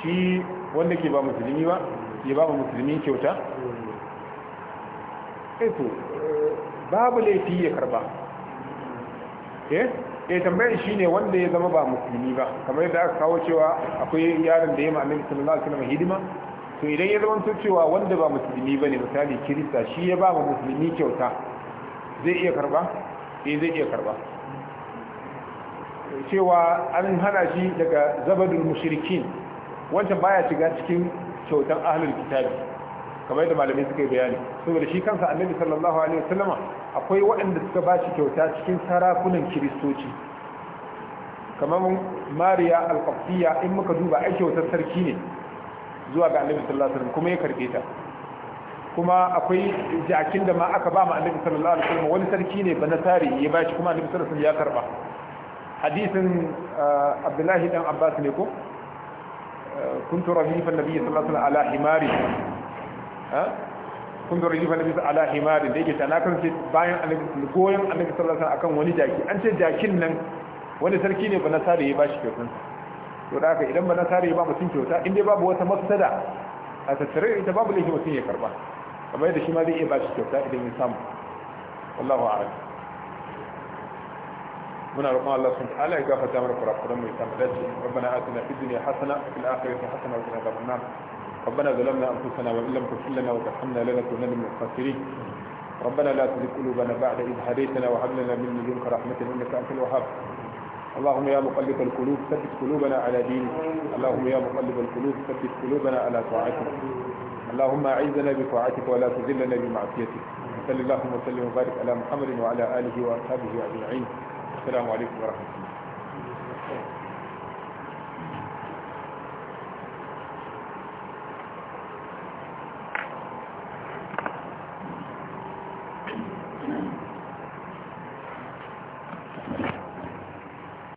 shi wanda ke ba musulmi ba ya ba musulmi kyauta eto eh eh, babu laifi ya karba eh eh tambayar shine wanda ya zama ba musulmi ba kamar yadda aka kawo cewa akwai yaron da ya ma annabi sallallahu alaihi wasallam hidima to idan ya zama cewa wanda ba musulmi bane misali kirista shi ya ba musulmi kyauta zai iya karba eh zai iya karba cewa an hana shi daga zabadul mushrikin wancan baya shiga cikin kyautan ahlul kitabi kamar yadda malamai suka yi bayani saboda shi kansa annabi sallallahu alaihi wasallama akwai waɗanda suka ba shi kyauta cikin sarakunan kiristoci kamar mariya alqabtiyya in muka duba ai kyautar sarki ne zuwa ga annabi sallallahu alaihi wasallam kuma ya karbe ta kuma akwai jakin da ma aka ba ma annabi sallallahu alaihi wasallam wani sarki ne ba na nasari ya ba shi kuma annabi sallallahu alaihi wasallam ya karba hadisin uh, abdullahi dan abbas ne ko uh, kuntu rahifa nabi sallallahu alaihi wasallam ala himari ha kuntu rahifa nabi ala himari da yake tana kan ce bayan annabi goyen annabi sallallahu alaihi wasallam akan wani jaki an ce jakin nan wani sarki ne ba na nasara ya bashi kyautan to da haka idan ba nasara ya ba mutum kyauta in dai babu wata mafsada a tattare ita babu laifi mutum ya karba kamar yadda shi ma zai iya bashi kyauta idan ya samu wallahu a'lam من roƙon الله سبحانه وتعالى ya gafarta mana قدم mai samu dace rabbana atina fid dunya hasana wa fil akhirati hasana wa ربنا ظلمنا انفسنا وان لم تغفر لنا وترحمنا لنكونن من الخاسرين ربنا لا تزغ قلوبنا بعد إذ هديتنا وهب لنا من لدنك رحمة إنك أنت الوهاب اللهم يا مقلب القلوب ثبت قلوبنا على دينك اللهم يا مقلب القلوب ثبت قلوبنا على طاعتك اللهم أعزنا بطاعتك ولا تذلنا بمعصيتك صلى الله وسلم وبارك على محمد وعلى آله وأصحابه أجمعين assalamu alaikum warahmatullahi